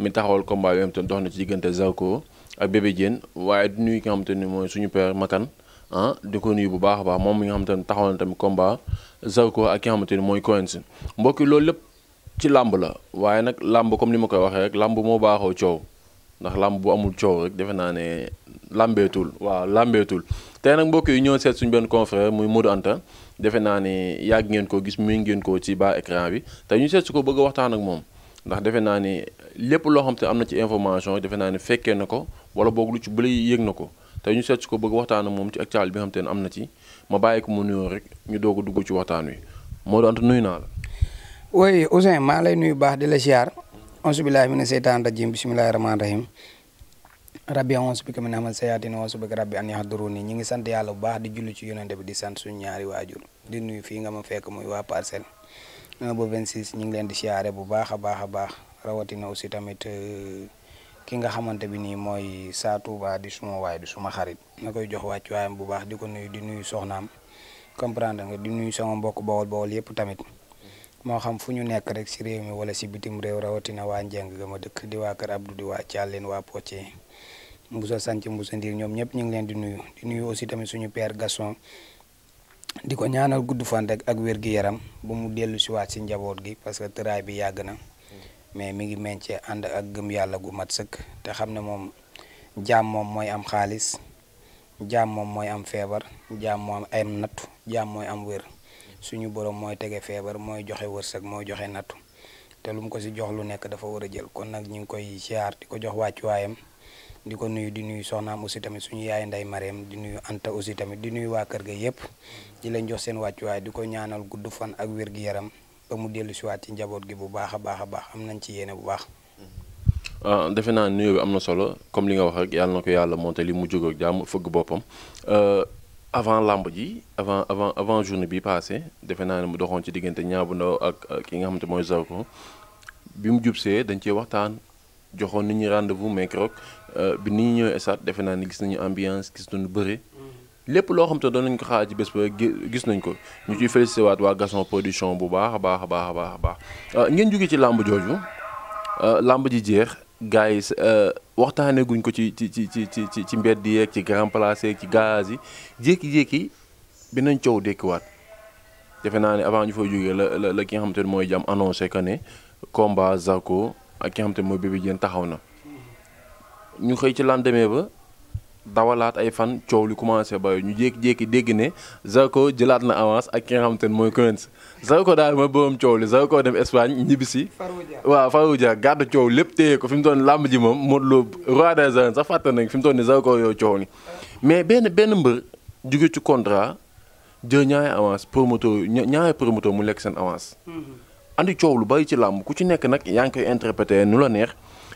mi taxawal combat bi nga xamante dox na ci diggante Zarko ak Bébé waaye du nuyu ki nga xamante mooy suñu père Makan ah di ko nuyu bu baax a baax moom mi nga xamante ne taxawal na tamit combat Zarko ak ki nga xamante mooy Coins mbokki loolu lépp ci làmb la waaye nag làmb comme ni ma koy waxee rek làmb moo baaxoo coow ndax làmb bu amul coow rek defe naa ne làmbeetul waaw làmbeetul te nag mbokk yi ñëw seet suñu benn confrère muy Modou Anta defe naa ne yàgg ngeen koo gis muy ngeen koo ci bas écran bi te ñu seet su ko bëgg waxtaan ak moom ndax defe naa ni lépp loo xam te am na ci information defe naa ni fekkee na ko wala boog lu ci bële yéeg na ko te ñu seet ko bëgg waxtaan moom ci actualité bi nga xam te ne am na ci ma bàyyi ko mu nuyoo rek ñu doog a dugg ci waxtaan wi Modou Anta nuyu naa la. oui Ousseyn maa lay nuyu baax di la ziar. auzu billaahi mina seytaani rajiim bismillaahi rahmaani rahiim. rabbi auzu bika min hamazati sayaatiin wa auzu bika rabbi an yahduruuni ñi ngi sant yàlla bu baax di julli ci yonente bi di sant suñu ñaari waajur di nuyu fii nga ma fekk muy waa parcelle. 1 ba 26 ñu ngi leen di siyaare bu baax a baax a baax rawatina aussi tamit euh, ki nga xamante bi nii mooy Sa baa di suma waay di suma xarit na koy jox wàcc waayam bu baax di ko nuyu di nuyu soxnaam comprendre nga di nuyu sama mbokk bawol bawol yëpp tamit moo xam fu ñu nekk rek si réew mi wala si bitim réew rawatina waa Njeng ga ma dëkk di waa Kër di waa Thialène waa Poitiers Mbusa Sanc Mbusa Ndiir ñoom ñëpp ñu ngi leen di nuyu di nuyu aussi tamit suñu père Gaston di ko ñaanal gudd fan rek ak wér gi yaram ba mu dellu si waat si njaboot gi parce que tëraay bi yàgg na mais mi ngi meñcee ànd ak gëm yàlla gu mat sëkk te xam ne moom jaam moom mooy am xaalis jaam moom mooy am feebar jaam moom ay nattu jaam mooy am wér suñu borom mooy tege feebar mooy joxe wërsëg mooy joxe nattu te lu mu ko si jox lu nekk dafa war a jël kon nag ñu ngi koy siyaar di ko jox wàccuwaayam di ko nuyu di nuyu soxnaam aussi tamit suñu yaay nday Mariam di nuyu Anta aussi tamit di nuyu wa kër ga yëpp di lañ jox seen way di ko ñaanal gudd fan ak wër gi yaram ba mu delu ci waat ci gi bu baaxa baaxa baax am nañ ci yene bu baax. ah naa nuyoo bi amna solo comme li nga wax ak yalla nako yalla monté li mu jogo ak jàmm fëgg euh avant lamb ji avant avant avant journée bi passé defe naa mu doxon ci digënté ñaabu Ndaw ak ki nga xamanté moy zako bi mu jubsé dañ ci waxtaan. joxoon nañu rendez-vous mais keroog euh, bi ni ñëw ñëwee esaat ni gis nañu ambiance gis nañu bëre. Mm-hmm. lépp loo xam te doon nañ ko xaar ci bés ba gis nañ ko ñu ciy félicité waat waa Gaston production bu baax baax baax a baax baax euh, ngeen jóge ci làmb jooju euh, làmb ji jeex gars yi guñ ko ci ci ci ci ci ci mbedd ci grand place yeeg ci gaz yi jékki bi nañ coow dékkiwaat defe naa ne avant ñu fay jógee la la ki nga xam que combat ak ki nga xam te mooy Bébé Diène taxaw na ñu xëy ci lendemain ba dawalaat ay fan coow lu commencé ba ñu jékki-jékki dégg ne Zarko jëlaat na avance ak ki nga mooy Quench Zarko daal mooy boroom coow li Zarko dem Espagne ñibbisi waa Farou Dia gàddu coow lépp téye ko fi mu doon làmb ji moom Modou Lo roi des arènes sax fàtte nañ fi mu doon ni Zarko yow coow li mais benn benn mbër jóge ci contrat jël ñaari avance promoteur ñaari promoteur mu lekk seen avance mm-hmm. andi coow lu bari ci làmb ku ci nekk nag yaa ngi koy interprété nu la neex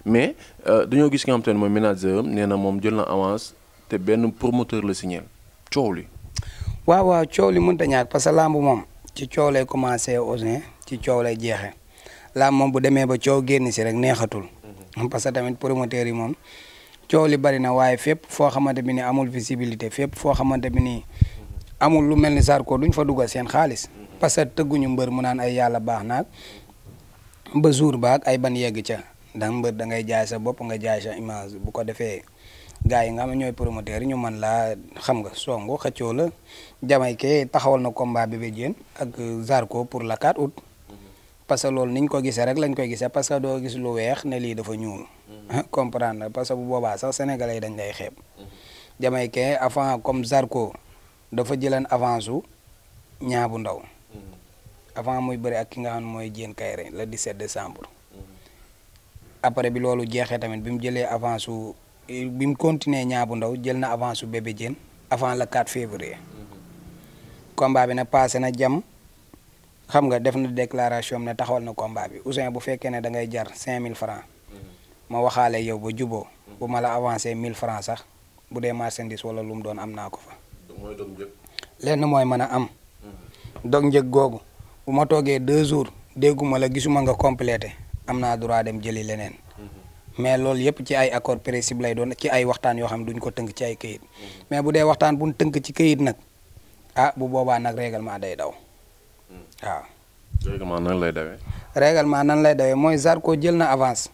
mais euh, dañoo gis nga xam te ne mooy manager nee na moom jël na avance te benn promoteur la signé coow li. waaw waaw coow li mënut a ñàkk parce que làmb moom ci coow lay commencé Ouzin ci coow lay jeexee làmb moom bu demee ba coow génn si rek neexatul. Mhm. parce que tamit promoteurs yi moom coow li bari na waaye fépp foo xamante bi ni amul visibilité fépp foo xamante bi ni amul lu mel ni Zarko duñ fa dugal seen xaalis. parce que tëgguñu mbër mu naan ay yalla bax nak ba jour ak ay ban yegg ca ndax mbeur da ngay jaay sa bop nga jaay sa image bu ko defé gaay nga am ñoy promoteur ñu man la xam nga songu xëccio la ke taxawal na combat bi ak Zarko pour la 4 août. parce que lool niñ ko gisee rek lañ koy parce que do gis lu wéx ne li dafa ñuul. comprendre parce que bu boba sax sénégalais dañ lay jamay ke avant comme Zarko dafa jëlan avance ñaabu ndaw. avant muy bëri ak ki nga xam ne mooy Diène Kairé le 17 décembre. après bi loolu jeexee tamit bi mu jëlee avance su bi mu continuer ñaabu ndaw jël na avance su bébé Diène avant le 4 février. combat bi nag passé na jam xam nga def na déclaration am ne taxawal na combat bi Ousseyn bu fekkee ne da ngay jar 5000 francs ma waxaale yow ba juboo bu ma la avancé 1000 sax bu dee marchandise wala lu mu doon am naa ko fa. lenn mooy mën a am. Hmm. dog njëg googu. bu ma toogee deux jours dégguma la gisuma nga complété am naa droit dem jëli leneen mhm. mais loolu yëpp ci ay accord principe lay doon ci ay waxtaan yoo xam ne duñ ko tënk ci ay këyit mais bu dee waxtaan buñ tënk ci këyit nag ah bu boobaa nag règlement day daw mhm. waaw. règlement nan lay dawee. règlement nan lay dawee mooy Zarko jël na avance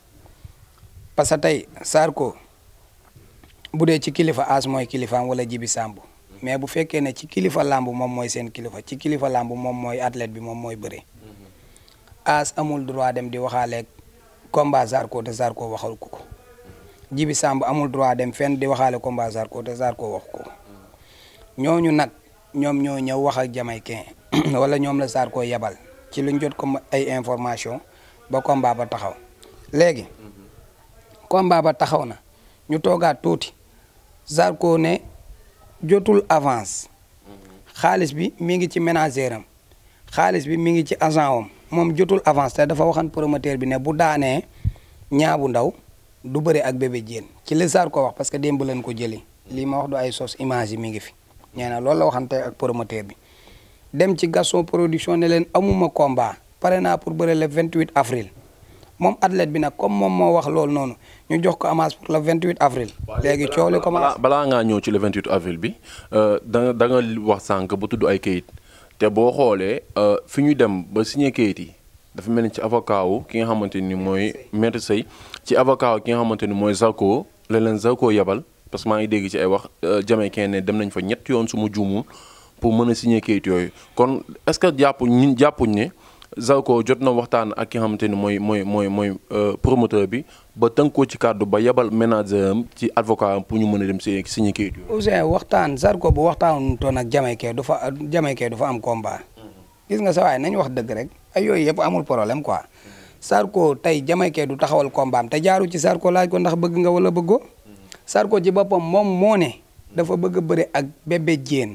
parce que tey Zarko bu dee ci kilifa as mooy kilifaam wala Jibi Samb mais bu fekkee ne ci kilifa lamb moom mooy seen kilifa ci kilifa làmb moom mooy athlète bi moom mooy bëre. Mhm. as amul droit dem di waxaaleeg combat Zarko te Zarko waxal ko ko mhm. Jibi Samb amul droit dem fenn di waxaale combat Zarko te ñooñu nag ñoom ñoo ñëw wax ak Jamaïcain wala ñoom la Zarko yebal ci luñ jot ko ay information ba comba ba taxaw léegi mhm. combat ba taxaw na ñu toogaat tuuti Zarko ne jotul avance xaalis bi mi ngi ci ménagère am xaalis bi mi ngi ci agent am moom jotul avance te dafa waxan promoteur bi ne bu daanee ñaabu ndaw du bëri ak bébé jéen ci lisaar ko wax parce que démb leen ko jëli lii ma wax du ay sos image yi mi ngi fi nee na loolu waxante ak promoteur bi dem ci Gaston production leen amuma combat pare naa pour bëre le 28 avril moom athlète bi nag comme moom moo wax loolu noonu ñu jox ko avance pour le 28 avril. léegi coow li commencé balaa ngaa ñëw ci le 28 avril bi euh, da da nga wax sànq bu tudd ay kayit te boo xoolee euh, fi ñu dem ba signé kayit yi dafa mel ni ci avocat ki nga xamante ni mooy maître Seye ci avocat ki nga xamante ni mooy Zarko la leen Zarko yebal parce que maa ngi dégg ci ay wax euh, Jamaïcain ne dem nañ fa ñett yoon su ma juumul pour mën a signé kayit yooyu kon est-ce que jàpp ñun jàppuñ ne. Zarko jot na waxtaan ak ki xamante ni mooy mooy mooy mooy euh, promoteur bi ba tënkoo ci kàddu ba yebal manager ci avocat pour ñu mën a dem si signé kayit yooyu. Ouzin waxtaan Zarko bu waxtaanutoon ak Jamaïcain du fa Jamaïcain du am combat. gis nga sa waaye nañ wax dëgg rek ay yooyu yëpp amul problème quoi. Zarko tey Jamaïcain du taxawal combat te jaaru ci Zarko laaj ko ndax bëgg nga wala bëggoo. Zarko ci boppam moom moo ne dafa bëgg a bëri ak bébé jéen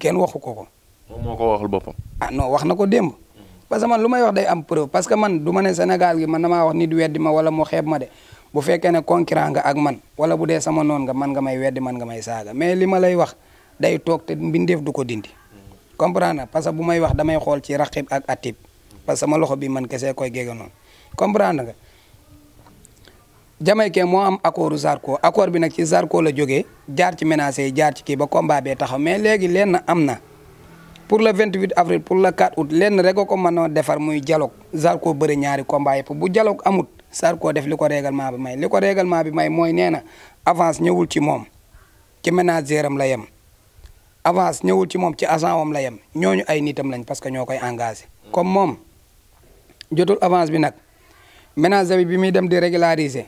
kenn waxu ko ko. moom moo ko waxal boppam. ah non wax na ko démb. parce que man lu wax day am preuve parce que man duma ma ne Sénégal gi man dama wax nit weddi ma wala mo xeeb ma de bu fekkee né concurrent nga ak man wala bu dee sama non nga man nga may wedd man nga may saga mais lima lay wax day tok té mbindef du ko dindi comprendre na parce que bu may wax damay xol ci raqib ak atib parce que sama loxo bi man kese koy géega non comprendre nga Jamaïcain mo am accordu Zarko accord bi nak ci Zarko la jógee jaar ci menacer jaar ci ki ba combat bé taxaw mais légui lén amna pour le 28 avril pour le 4 août lenn rek a ko mënoo defar muy dialogue Zarko bëri ñaari combat yëpp bu dialogue amut Zarko def li ko règlement bi may li ko règlement bi may mooy nee na avance ñëwul ci moom ci ménagère am la yem avance ñëwul ci moom ci agent wam la yem ñooñu ay nitam lañ parce que ñoo koy engagé. comme moom jotul avance bi nag ménager bi bi muy dem di régulariser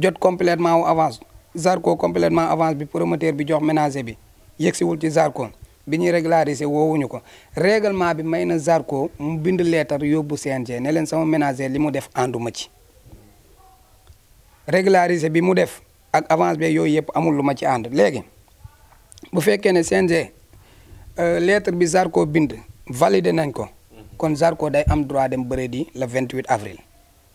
jot completement wu avance Zarko completement avance bi promoteur bi jox ménager bi yegsiwul ci Zarko. bi ñuy régulariser woowuñu ko réglement bi may na sarko mu bind leetar yóbbu CNG ne leen sama ménager li mu def ànduma ci régulariser bi mu def ak avance bi yooyu yëpp amul lu ma ci ànd léegi bu fekkee ne CNG euh, lettre bi Zarko bind validé nañ ko kon Zarko day am droit dem bëre di vingt 28 avril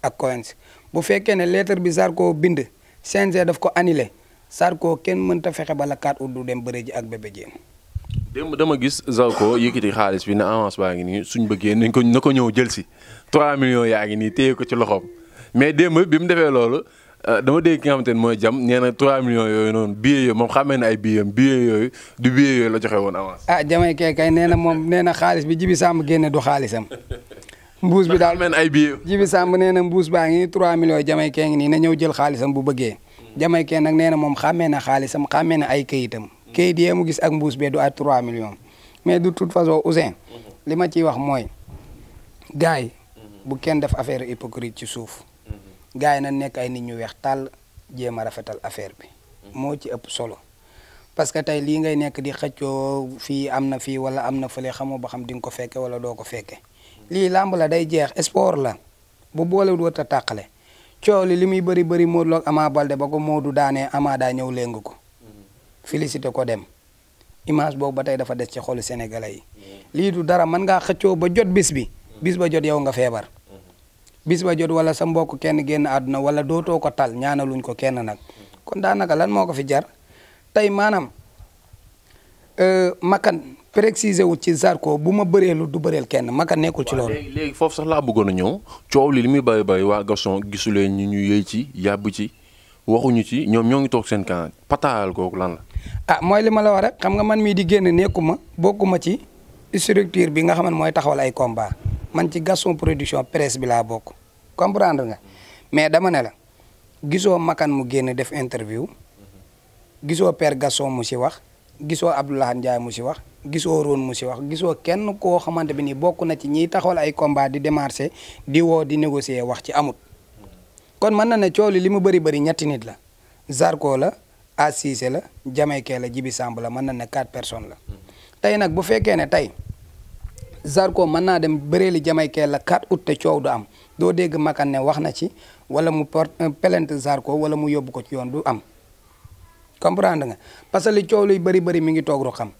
ak Coens bu fekkee ne lettre bi Zarko bind CNG daf ko annulé Zarko kenn mënta fexe ba la 4 août du dem bëre ji ak Bébé Diène démb dama gis Zarko yëkkati xaalis bi na avance baa ngi nii suñ bëggee nañ ko na ko ñëw jël si 3 millions yaa ngi nii téye ko ci loxoom mais démb bi mu defee loolu euh, dama dégg ki nga xamante ne mooy jam nee na 3 millions yooyu noonu moom xamee na ay billets billets du la joxe woon avance. ah jamay kay kay nee na moom nee na xaalis bi Jibi Samb génne du xaalisam. mbuus bi daal meen ay billets. Jibi Samb nee na mbuus baa ngi 3 millions jamay kee ngi nii na ñëw jël xaalisam bu bëggee. jamay kee nag nee na moom xàmmee na xaalisam xàmmee na ay këyitam kayit yee mu gis ak mbuus bee du ay 3 millions mais de toute façon Ouzin mhm. li ma ciy wax mooy gars yi mhm. bu kenn def affaire hypocrite ci suuf mhm. gars yi na nekk ay nit ñu weex tàll jéem a rafetal affaire bi moo ci ëpp solo parce que tey lii ngay nekk di xëccoo fii am na fii wala am na fële xamoo ba xam di nga ko fekke wala doo ko fekke lii làmb la day jeex sport la bu boole du ta tàqale coow li li muy bari bëri Modou Lo ak Ama Balde ba ko Modou daanee Ama daa ñëw léng ko félicité ko dem image boobu ba tey dafa des ci xolu sénégalais yi mm. lii du dara mën ngaa xëccoo ba jot bis bi mm. bis ba jot yow nga feebar mm. bis ba jot wala sa mbokk kenn génn àdduna wala dootoo ko tal ñaanaluñ ko kenn nag kon daanaka lan moo ko fi jar tey maanaam euh, Makan précisé wu ci Zarko bu ma bëreelu du bëreel kenn Makan nekkul ci loolu. léegi foofu sax laa bëggoon a ñëw coow li li muy bàyyi bàyyi waa Gaston gisuleen ñu ñu yëy ci yàbb ci waxuñu ci ñoom ñoo ngi toog seen kan pataal kooku lan la. ah moy li ma la wax rek xam nga man mi di genn nekuma bokuma ci structure bi nga xam ne mooy taxawal ay combat man ci Gaston Production presse bi la bok comprendre nga mais dama ne la gisoo Makan mu genn def interview giso Père Gaston mu ci wax gisoo abdullah Ndiaye mu ci wax gisoo ron mu ci wax gisoo kenn ko xamanteni ni bokku na ci ñi taxawal ay combat di démarcher di wo di négocier wax ci amut kon mana na ne cioli limu bari bari ñatti nit la Zarko la Assise la Jamaïcain la Jibi Samb la man na ne quatre personnes la tay nak bu fekkee ne tay Zarko man na dem bëreeli Jamaïcain la 4 août te du am do dégg Makan ne wax ci wala mu euh, plainte Zarko wala mu yóbbu ko ci yoon du am comprendre nga parce que li ciow luy bari bari mi ngi toog ru xam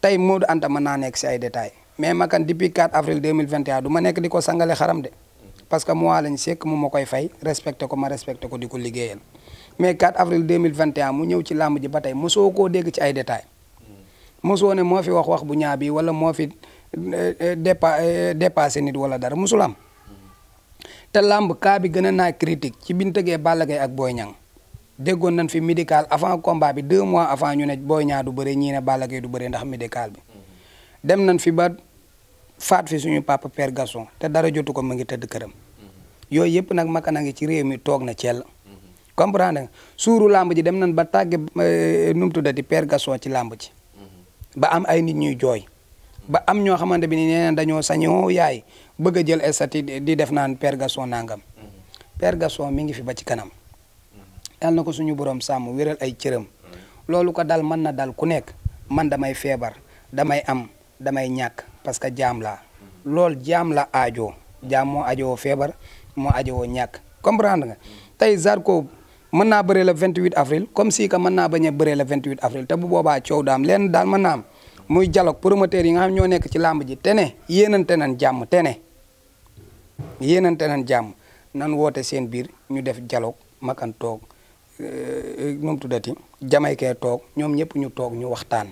tay Modou Anta man na nek ci ay détails mais Makan depuis 4 avril 2021 du ma nekk di sangale xaram de parce que moi lañ sék mu ma fay respecté ko ma respecté ko di liggéeyal mais 4 avril 2021 mu ñëw ci làmb ji ba tey mosoo ko dégg ci ay détails mosoo ne moo fi wax wax bu ñaaw bi wala moo fi euh, euh, dépa euh, dépassé nit wala dara mosul am te làmb cas bi gën a naa critique ci biñ tëggee Balla Gaye ak Boy Niang déggoon nañ fi médical avant combat bi deux mois avant ñu ne Boy Niang du bëre ñii ne Balla Gaye du bëre ndax médical bi dem nañ fi ba faat fi suñu papa père Gasson te dara jotu ko mu ngi tëdd këram yooyu yëpp nag maka na ngi ci réew mi toog na ceel comprendre nga suuru lamb ji dem nañ ba tàgge eh, num tudda di père gasso ci lamb ji mhm. ba am ay nit ñuy joy ba am ño xamante ni neena dañu sañoo oh, yaay bëgg jël estati di def naan père gasso nangam mhm. père gasso mi ngi fi ba ci kanam mhm. yal nako suñu borom sam wiral ay cërem lolu ko dal man na dal ku nek man damay feebar damay am damay ñak parce que jam la lol jam la aajoo jam mo ajo febar mo ajo ñak comprendre nga tay Zarko mën naa bëree le 28 avril comme si que mën naa bañ a bëree le 28 avril te bu booba coow daam leen daal mën naa am muy dialogue promoteur yi nga xam ñoo nekk ci làmb ji te ne yéenante nañ jàmm tene ne yéenante nañ jàmm nan woote seen biir ñu def dialogue makan toog euh, nu mu tuddati jamaykee toog ñoom ñëpp ñu toog ñu waxtaan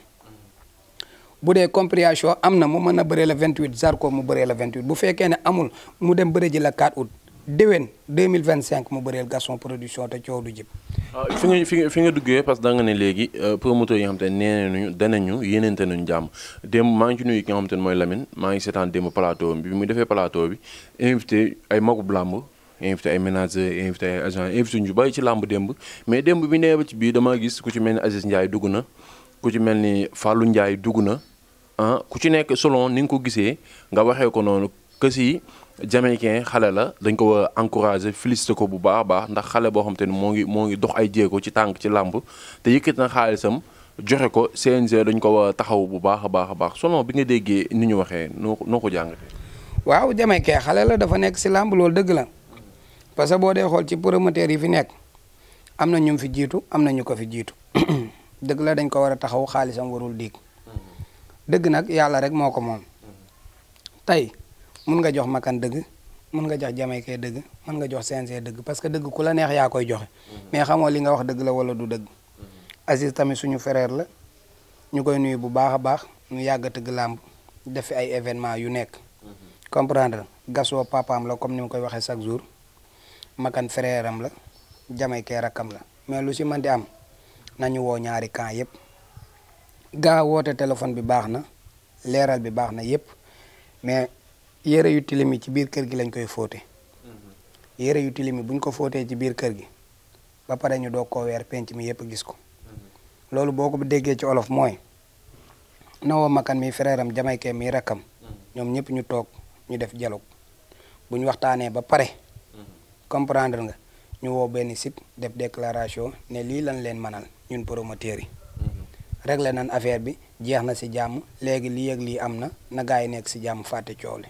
bu dee compréhension am na mu mën a bëree le 28 Zarko mu bëree le 28 bu fekkee ne amul mu dem bëre ji la 4 août déwén 2025 mu bëreel Gaston production te coow du jib ah, fi nga fi fi nga duggee parce da nga ne léegi euh, promoteurs yi nga xam te ne nee nañu danañu yéeneente nañu jàmm démb maa ngi ci nuyu ki nga xam te ne mooy Lamine maa ngi seetaan démb plateau bi bi mu defee plateau bi invité ay magub làmb invité ay ménageurs invité ay agents invité ñu bàyyi ci làmb démb mais démb bi nee ba ci biir damaa gis ku ci mel Aziz Ndiaye dugg ku ci mel ni Fallou Ndiaye dugg ah, ku ci nekk selon ni nga ko gisee nga waxee ko noonu que Jamaïcain xale la dañ ko war a encouragé félicité ko bu baax a baax ndax xale boo xam te ni moo ngi moo ngi dox ay jéego ci tànk ci làmb te yëkkati na xaalisam joxe ko CNG dañ ko war taxaw bu baax a baax a baax selon bi nga déggee ni ñu waxee noo noo ko jàngatee. waaw Jamaïcain xale la dafa nekk si làmb loolu dëgg la parce que boo dee xool ci promoteur yi fi nekk am na ñu fi jiitu am na ñu ko fi jiitu dëgg la dañ ko war a taxaw xaalisam warul diig mm-hmm. dëgg nag yàlla rek moo ko moom tey. mën nga jox makan deug mën nga jox kay deug mën nga jox sensé deug parce que deug ku la neex ya koy joxe mais xamoo li nga wax deug la wala du deug Aziz tamit suñu frère la ñukoy nuyu bu baaxa baax ñu yagga teug lamb def ay événement yu nekk comprendre gasso papaam la comme ni koy waxe chaque jour makan frère am la kay rakam la mais lu ci man di am nañu wo ñaari kan yépp ga wote téléphone bi baax na bi baax yépp mais yére yu tilim yi ci biir kër gi lañ koy fóote yére yu tilim yi buñ ko fóotee ci biir kër gi ba pare ñu doog koo weer penc mi yëpp gis ko loolu boo ko déggee ci olof mooy nawoo makan mi frère am jamaykee mi rakkam ñoom ñëpp ñu toog ñu def dialogue bu ñu waxtaanee ba pare comprendre nga ñu woo benn site def déclaration ne lii lañ leen mënal ñun promoteurs yi regle nañ affaire bi jeex na si jàmm léegi lii ak lii am na na gaa yi nekk si jàmm fàtte coow li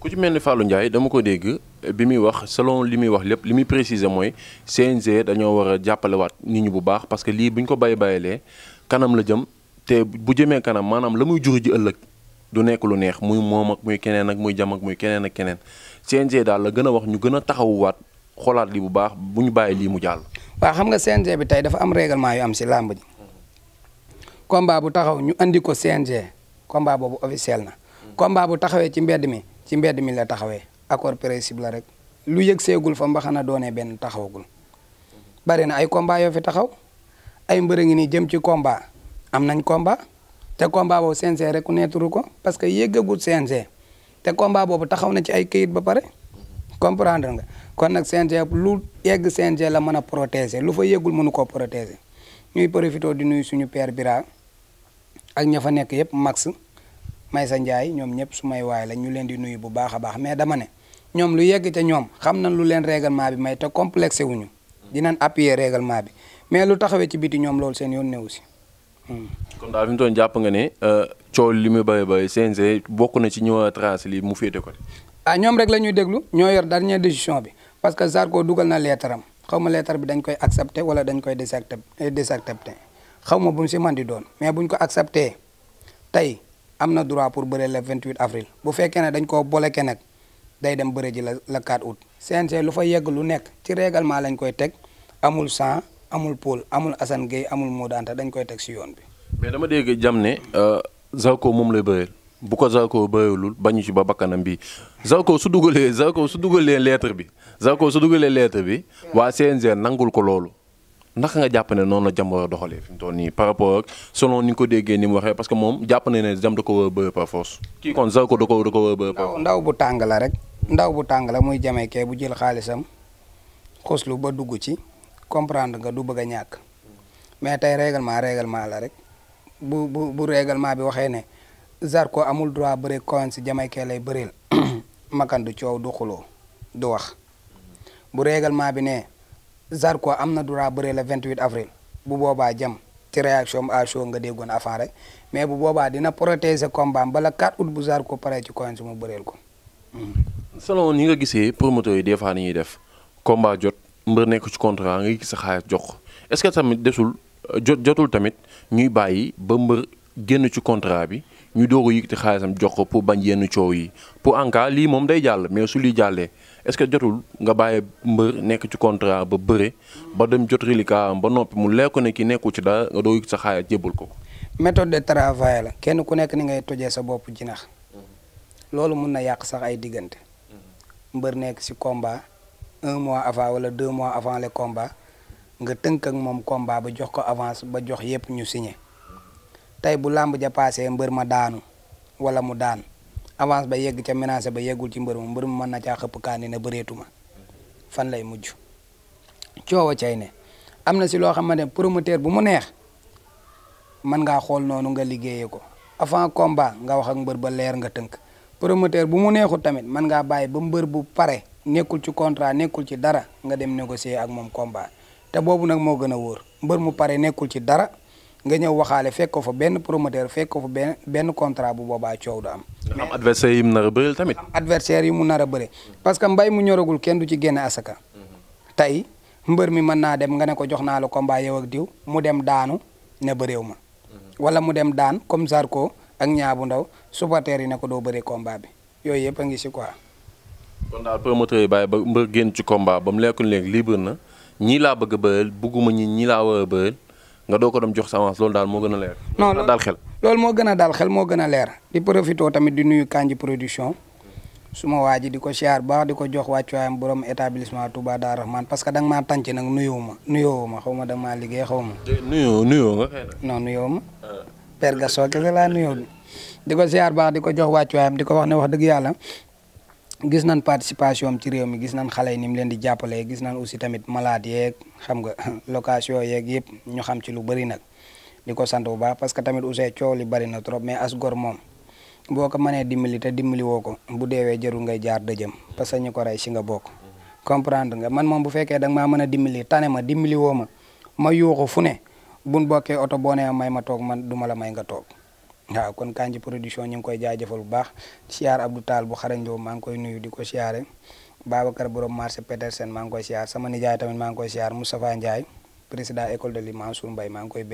ku ci mel ni Fallou Ndiaye dama ko dégg bi muy wax selon li muy wax lépp li muy préciser mooy CNG dañoo war a jàppalewaat nit ñi bu baax parce que lii bu ñu ko bay bàyyilee kanam la jëm te bu jëmee kanam maanaam la muy jur ji ëllëg du nekk lu neex muy moom ak muy keneen ak muy jam ak muy keneen ak keneen CNG daal la gën a wax ñu gën a taxawuwaat xoolaat li bu baax bu ñu bàyyi lii mu jàll. waaw xam nga CNG bi tey dafa am règlement yu am si làmb ji. combat bu taxaw ñu andi ko CNG combat boobu officiel ci mbedd mi. ci mbedd mi la taxawee accord principe la rek lu yëg seegul fa mbaxana doone benn taxawagul bari na ay combat yoo fi taxaw ay mbër a ngi nii jëm ci combat am nañ combat te combat boobu CNG rek ku neeturu ko parce que yëggagul CNG te combat boobu taxaw na ci ay kayit ba pare comprendre nga kon nag CNG lu egg CNG la mën a protéger lu fa yëggul mënu koo protéger ñuy profité di nuyu suñu père Bira ak ña fa nekk yëpp max sa Ndiaye ñoom ñëpp su may waay la ñu leen di nuyu bu baax a baax mais dama ne ñoom lu yegg te ñoom xam nañ lu leen règlement bi may te complexé wuñu dinañ appuyer règlement bi mais lu taxawee ci biti ñoom loolu seen yoon newu si. Hmm. kon daal fi toon jàpp nga ne euh, coow li mu bay bay CNG bokk na ci ñëw trace lii mu féete ko. ah ñoom rek la ñuy déglu ñoo yor dernière décision bi parce que Zarko dugal na lettre am xaw ma lettre bi dañ koy accepté wala dañ koy désacté désaccepté xaw ma bu mu si man di doon mais buñ ko accepté tey. am na droit pour bëre le 28 avril bu fekkee ne dañ koo boleke nag day dem bëre ji la le 4 août CNG lu fa yegg lu nekk ci règlement lañ koy teg amul sang amul Paul amul Assane amul Modou Anta dañ koy teg si yoon bi. mais dama dégg jam ne euh, Zarko moom la bëreel bu ko Zarko bëreelul bañu ci ba bakkanam bi Zarko su dugalee Zarko su dugalee lettre bi Zarko su dugalee lettre bi waa CNG nangul ko loolu. ndax nga jàpp ne noonu la jàmm war a doxalee fi mu toll nii par rapport ak ni ko déggee ni mu waxee parce que moom jàpp na ne jàmm da ko war a bëre par force. ko da ko war ndaw bu tàng la rek. ndaw bu tàng la muy jamaykee bu jël xaalisam xoslu ba dugg ci comprendre nga du bëgg a ñàkk mais tey règlement règlement la rek bu bu bu règlement bi waxee ne ko amul droit bëre Coins si jamaykee lay bëreel makan du coow du xuloo du wax bu règlement bi ne. Zarko am na du droit la le 28 avril bu boobaa jam ci réaction am à chaud nga déggoon avant rek mais bu boobaa dina protéger combat am bala 4 août bu Zarko paree ci coin su mu bëreel ko. Hmm. selon ni nga gisee promoteur yi des fois ni def combat jot mbër nekk ci contrat nga gis sa xaalis jox est-ce que tamit desul jot jotul tamit ñuy bàyyi ba mbër génn ci contrat bi. ñu doog a yëkkati xaalisam jox ko pour bañ yenn coow yi pour en lii moom day jàll mais su li jàllee est ce que jotul nga bàyyi mbër nekk ci contrat ba bëre ba dem jot reliquat ba noppi mu leer ko ne ki nekku ci dara nga doo sa xaaya jébbal ko méthode de travail la kenn ku nek ni ngay tojee sa bopp jinax loolu mun na yàq sax ay diggante mbër nekk si combat un mois avant wala deux mois avant le combat nga tënk ak moom combat ba jox ko avance ba jox yépp ñu signé tey bu làmb ja paasee mbër ma daanu wala mu daan avance ba yegg ca ménager ba yeggul ci mbër ma mbër ma mën na caa xëpp kaani ne bëreetuma fan lay mujj coow a cay ne am na si loo xamante ne promoteur bu mu neex mën ngaa xool noonu nga liggéeyee ko avant combat nga wax ak mbër ba leer nga tënk promoteur bu mu neexul tamit mën ngaa bàyyi ba mbër bu pare nekkul ci contrat nekkul ci dara nga dem négocier ak moom combat te boobu nag moo gën a wóor mbër mu pare nekkul ci dara nga ñëw waxaale fekk ko fa benn promoteur fekk ko fa benn benn contrat bu boobaa coow du am. mais am adversaire yi mu nar a bëreel tamit. am adversaire yi mu nar a bëre parce que mbay mu ñoragul kenn du ci génne asaka. tey mbër mi mën naa dem nga ne ko jox naa la combat yow ak diw mu dem daanu ne bëreew ma. wala mu dem daan comme Zarko ak bu ndaw supporters yi ne ko doo bëree combat bi yooyu yëpp a ngi si quoi. kon daal promoteur yi bàyyi ba mbër génn ci combat ba mu lekkul léegi na ñii laa bëgg a bëreel ñi ñii laa war nga do ko dem jox sa avance lol daal moo gën leer. non dal xel loolu mo gëna dal xel mo gëna leer di profito tamit di nuyu kanji production suma waji diko di ba diko jox waccu ko borom établissement Touba Dar Rahman parce que dang ma tanci nak nag nuyoo ma nuyoo ma xaw ma da nga nga non nuyoo ma. Ah. Père Gasso kese la nuyu diko ko ba diko jox waccu diko wax ne wax deug yalla gis nañ participation am ci réew mi gis nañ xale yi ni mu leen di jàppalee gis nañ aussi tamit malade yeeg xam nga location yeeg yëpp ñu xam ci lu bëri nag di ko sant bu baax parce que tamit aussi coow li bari na trop mais as gor moom boo ko manee dimbali te dimbali woo ko bu deewee jarul ngay jaar dëjëm parce que ñu ko rey si nga bokk. comprendre nga man moom bu fekkee da maa mën a dimbali tane ma dimbali woo ma ma yuuxu fu ne buñ bokkee oto boo nee may ma toog man duma la may nga toog. ya kon kanji production ñing koy jaajëfal bu baax siyaar Abdou tal bu xarañ loo maa koy nuyu di ko babakar borom marché Petersen maa koy siyaar sama nijaay tamit maa ngi koy siyaar Moustapha Ndiaye président école de l'imam Mansour Mbaye maa koy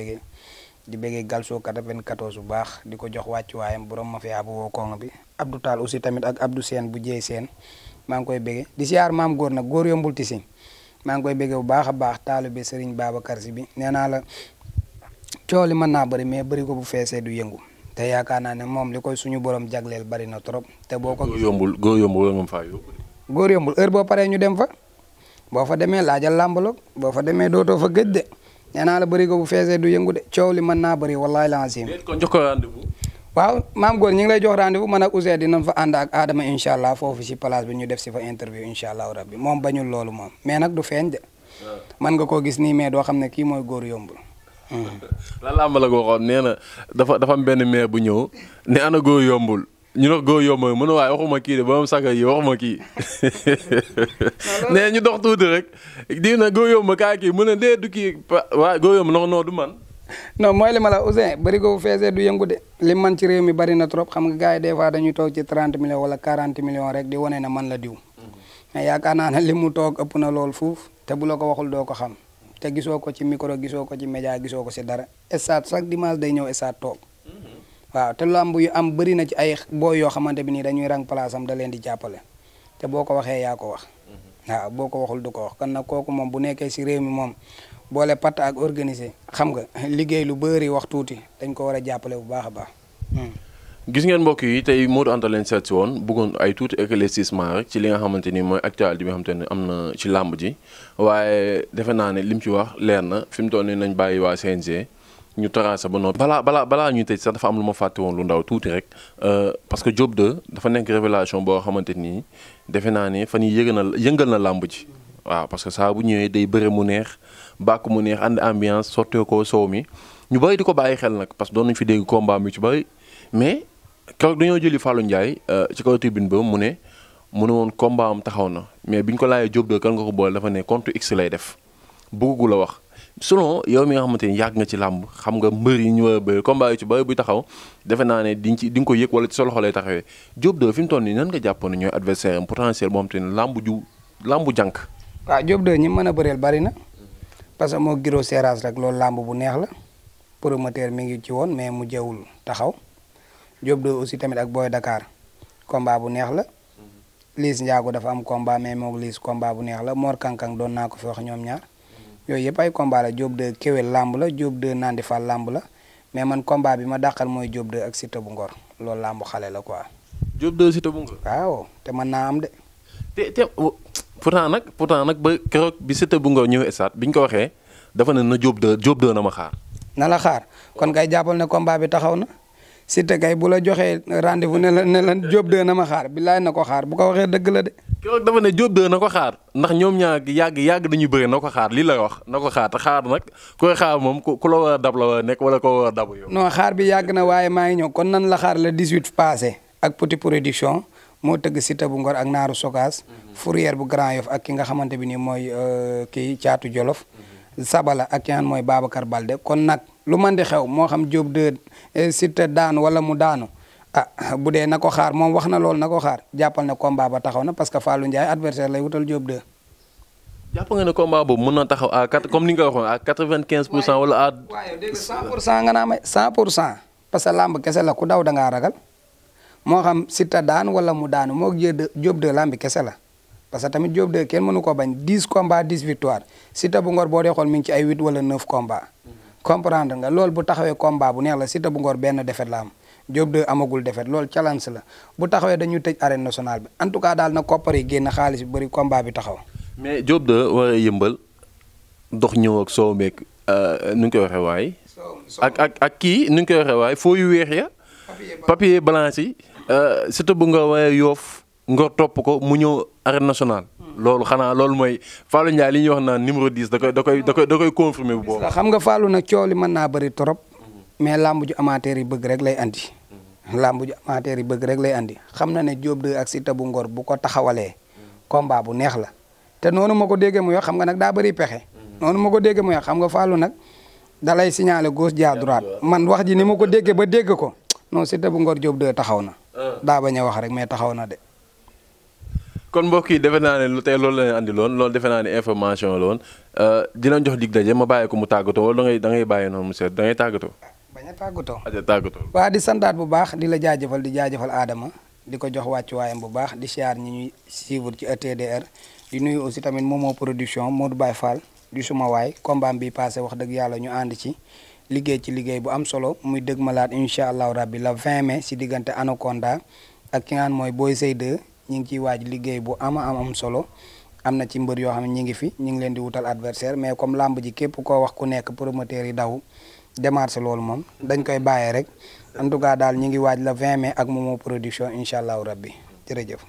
di béggee Galso 94 bu baax di ko waccu wayam borom mafia bu wo koŋ bi Abdou tal aussi tamit ak Abdou sen bu sen koy di siar mam gor nak gor yombul ti si maa koy béggee bu baaxa baax talibé Serigne babakar sibi bi la cioli man na bari mais bari ko bu fessé du yëngu te yaakaar naa ne moom li koy suñu borom jagleel bari na trop. te boo ko góor yombul góor yombul nga faa yóbbu. góor yombul heure boo paree ñu dem fa boo fa demee laajal làmbaloog boo fa demee doo dootoo fa gëj de nee naa la bari ko bu feesee du yëngu de coow li mën naa bëri wallaahi la asiim. jox ko rendez waaw maam góor ñu ngi lay jox rendez-vous man fa ànd ak Adama incha allah foofu si place bi ñu def si fa interview incha allah rabbi moom ba bañul loolu moom mais nag du feeñ de. Ah. man nga koo gis nii mais doo xam ne kii mooy góor yombul la làmb la ko waxoon nee na dafa dafa am benn maire bu ñëw ne ana goo yombul ñu ne góor yombul mën a waaye waxuma kii de ba mu saga yi waxuma kii nee ñu dox tuuti rek di na góor yomb kaa kii mën a dee du kii waaye góor yomb non non du man. non mooy li ma la Ouzin bëri ko bu feesee du yëngu de li man ci réew mi bëri na trop xam nga gars yi des fois dañuy toog ci 30 millions wala 40 millions rek di wane na man la diw mm-hmm. mais yaakaar naa ne li mu toog ëpp na lool fuuf te bu la ko waxul doo ko xam. te gisoo ko ci micro gisoo ko ci média gisoo ko ci dara stade chaque dimanche day ñëw stade toog mm-hmm. waaw te lamb yu am bëri na ci ay boo yoo xamante bi nii dañuy rang place da leen di jàppale te boo ko waxee yaa ko wax mm-hmm. waaw boo ko waxul du ko wax kon nag kooku moom bu nekkee si réew mi moom boole patt ak organiser xam nga liggéey lu bari wax tuuti dañ ko war a jàppale bu baax a baax hmm. gis ngeen mbokk yi tey Modou Anta leen seet woon bëggoon ay tuuti éclaircissement rek ci li nga xamante ni mooy actualité bi nga xamante ne am na ci làmb ji waaye defe naa ne li mu ci wax leer na fi mu toll nii nañ bàyyi waa CNG ñu tracé ba noppi. balaa balaa balaa ñuy tëj sax dafa am lu ma fàtte woon lu ndaw tuuti rek euh, parce que Diop 2 dafa nekk révélation boo xamante ni defe naa ne fa yii yëngal na yëngal na làmb ji waaw parce que saa bu ñëwee day bëre mu neex bàkk mu neex ànd ambiance sottee ko sow mi ñu bëri di ko bàyyi xel nag parce que doon nañu fi dégg combat mi ci bëri mais keroog dañoo jëli Fallou Ndiaye euh, ci kaw tribune ba mu ne mu ne woon combat am taxaw na mais bi ñu ko laajee Diop de kan nga ko boole dafa ne compte X lay def bëggu la wax. selon yow mi nga xamante ni yàgg nga ci làmb xam nga mbër yi ñu war a bëri combat yu ci bëri buy taxaw defe naa ne di nga ci di ko yëg wala ci sa loxo lay taxawee Diop de fi mu toll nii nan nga jàppoon ne ñooy adversaire am potentiel boo xam te ne làmb ju làmb jànk. waa Diop de ñi mën a bëreel bari na parce que moo giro séerase rek loolu làmb bu neex la promoteur mi ngi ci woon mais mu jawul taxaw Diop do aussi tamit ak Boy dakaar combat bu neex la. Mhm. Liis Ndiago dafa am combat mais moom Liis combat bu neex la moor Kankang doon naa ko fi wax ñoom ñaar. Mhm. yooyu yëpp ay combat la Diop de Kewel làmb la Diop de Nandi Fall la mais man combat bi ma dàqal mooy Diop de ak Siteu bu Ngor loolu lamb xale la quoi. Diop de Siteu bu te man naa am de. te te oh, pourtant nag pourtant nag ba keroog bi Siteu bu Ngor ñëwee stade bi ñu ko waxee dafa ne na Diop de Diop de na ma xaar. na xaar kon kay jàppal ne combat bi taxaw na. Siteu kay bu la joxee rendez-vous ne la ne la Diop na ma xaar billaay na ko xaar bu ko waxee dëgg la de. keroog dafa ne Diop 2 na ko xaar ndax ñoom ñaar yàgg yàgg dañuy bëri na ko xaar lii la wax na ko xaar te xaar nag koy xaar moom ku la war dab la war nekk wala ko war a dabu yow. xaar bi yàgg na waaye maa ngi ñëw kon nan la xaar le 18 passé ak Petit Production moo tëgg Siteu bu Ngor ak Naaru Sokaas. Fourrière bu Grand Yoff ak ki nga xamante bi nii mooy euh, kii Caatu Jolof. Sabala ak yan mooy Babacar kon nag. lu man di xew mo xam job de cité eh, daanu wala mu daanu ah budé nako xaar mom waxna lol nako xaar jappal na combat ba taxaw na parce que Fallou ndjay adversaire lay wutal job de. japp nga ne combat boobu mën na taxaw a 4 comme ni nga waxon a 95% wala a 100% nga na may 100% parce que lamb kessé la ku daw da nga ragal mo xam cité daan wala mu daanu mo jë Diop de lamb kessé la. parce que tamit job de ken mënu ko bañ 10 combat 10 victoires cité bu ngor bo dee xol mi ngi ci ay 8 wala 9 combat comprendre nga lol bu taxawé combat bu neex la Siteu bu Ngor ben défaite la am job de amagul défaite lol challenge la bu taxawé dañu tej arène nationale bi en tout cas dal na koppar yi génn xaalis bi bari combat bi taxaw. mais job de war a dox ñëw ak soomek euh nu ngi koy way ak ak ak ki nu ngi koy way fo yu wéx ya. papier blanc yi. Euh, Siteu bu Ngor waaye yof nga top ko mu ñew arène nationale lolu xana lolu moy fallu ñay li ñu wax na numéro 10 da koy da koy da koy da koy confirmer bu bo xam nga fallu nak cioli man na bari torop mais lamb ju amateur yi bëgg rek lay andi lamb ju amateur yi bëgg rek lay andi xam na ne job de ak sita bu ngor bu ko taxawale combat bu neex la té nonu mako déggé mu wax xam nga nak da bari pexé nonu mako déggé mu wax xam nga fallu nak dalay signaler gauche jaar droite man wax ji ni mako déggé ba dégg ko non sita bu ngor job de taxawna ah. da baña wax rek mais taxawna dé kon mbokk yi defe naa ne tey loolu la ñu andi loon loolu defe naa ne information la woon euh, dinañ jox dig daje ma bàyyi ko mu tàggatoo wala da ngay da ngay bàyyi noonu monsieur da ngay tàggatoo. a tàggatoo a tàggatoo. waa di santaat bu baax di la jaajëfal di jaajëfal aadama di ko jox wàcc waayam bu baax di siyaar ñi ñuy suivre ci ETDR di nuyu aussi tamit Momo production moo du Baye faal di suma waay combat bi passé wax dëgg yàlla ñu ànd ci. liggéey ci liggéey bu am solo muy dëgg malaat incha allahu rabbi la 20 mai si diggante Anaconda ak ki nga mooy Boy Sey ñu ngi ciy waaj liggéey bu am am am solo am na ci mbër yoo xam ne ñu ngi fi ñu ngi leen di wutal adversaire mais comme làmb ji képp koo wax ku nekk promoteur yi daw démarche loolu moom dañ koy bàyyee rek en tout cas daal ñu ngi waaj la 20 mai ak Momo production incha allahu rabbi jërëjëf.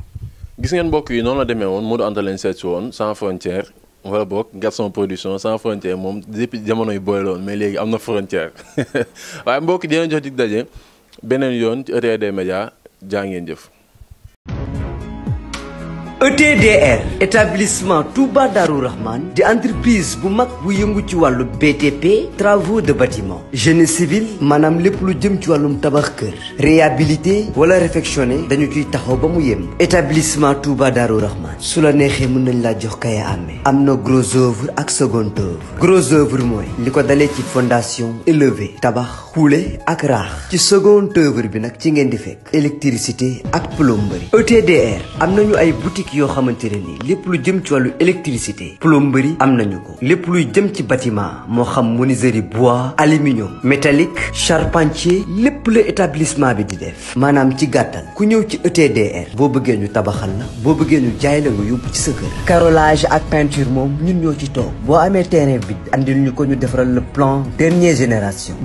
gis ngeen mbokk yi noonu demee woon Modou Anta leen seet si woon sans frontière wala boog Gaston production sans frontière moom depuis jamono yu booy la mais léegi am na frontière waaye mbokk dina jox di daje beneen yoon ci ETD Média jaa ngeen jëf. ETDR établissement Touba Darou Rahman di entreprise bu mag bu yëngu ci BTP travaux de bâtiment génie civil maanaam lépp lu jëm ci wàllum tabax kër réhabilité wala réfectionné dañu ciy taxaw ba établissement Touba Darou Rahman soula la neexee mën nañ laa jox kaya gros œuvre ak second œuvre gros œuvre moi, li ci fondation élevée tabakh. kuule ak raax ci seconde œuvre bi nag ci ngeen di fekk électricité ak plomberie ETDR am nañu ay boutique yoo xamante ne nii lépp lu jëm ci wàllu électricité plomberie am nañu ko lépp luy jëm ci bâtiment moo xam menuiserie bois aluminium métallique charpentier lépp la établissement bi di def maanaam ci gàttal ku ñëw ci ETDR boo bëggee ñu tabaxal la boo bëggee ñu jaay la nga yóbbu ci sa kër ak peinture moom ñun ñoo ci toog boo amee terrain bi andil ko ñu defaral le plan génération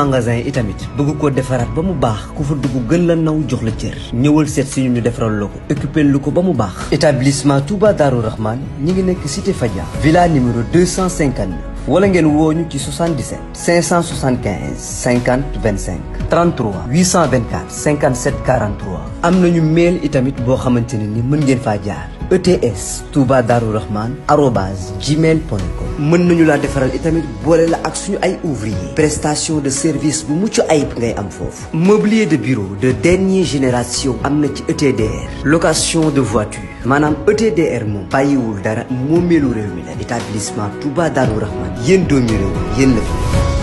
magasin yi itamit bëgg ko defaraat ba mu baax ku fa dugg gën la naw jox la cër ñëwal seet si ñu defaral la ko équipé lu ko ba mu baax établissement Touba Darou Rahman ñi ngi nekk cité Fadia villa numéro 259 wala ngeen woo ñu ci 77 575 50 25 33 824 57 43 am nañu mail itamit boo xamante ne ni mën ngeen faa jaar ETS Touba Darou Rahman arobase gmail point mën nañu laa defaral itamit boole la ak suñu ay ouvrier prestation de service bu mucc ayib ngay am foofu mobilier de bureau de dernière génération am na ci ETDR location de voiture maanaam ETDR moom bàyyiwul dara moomeelu réew mi la établissement Touba Darou Rahman yéen doomi réew yéen la fi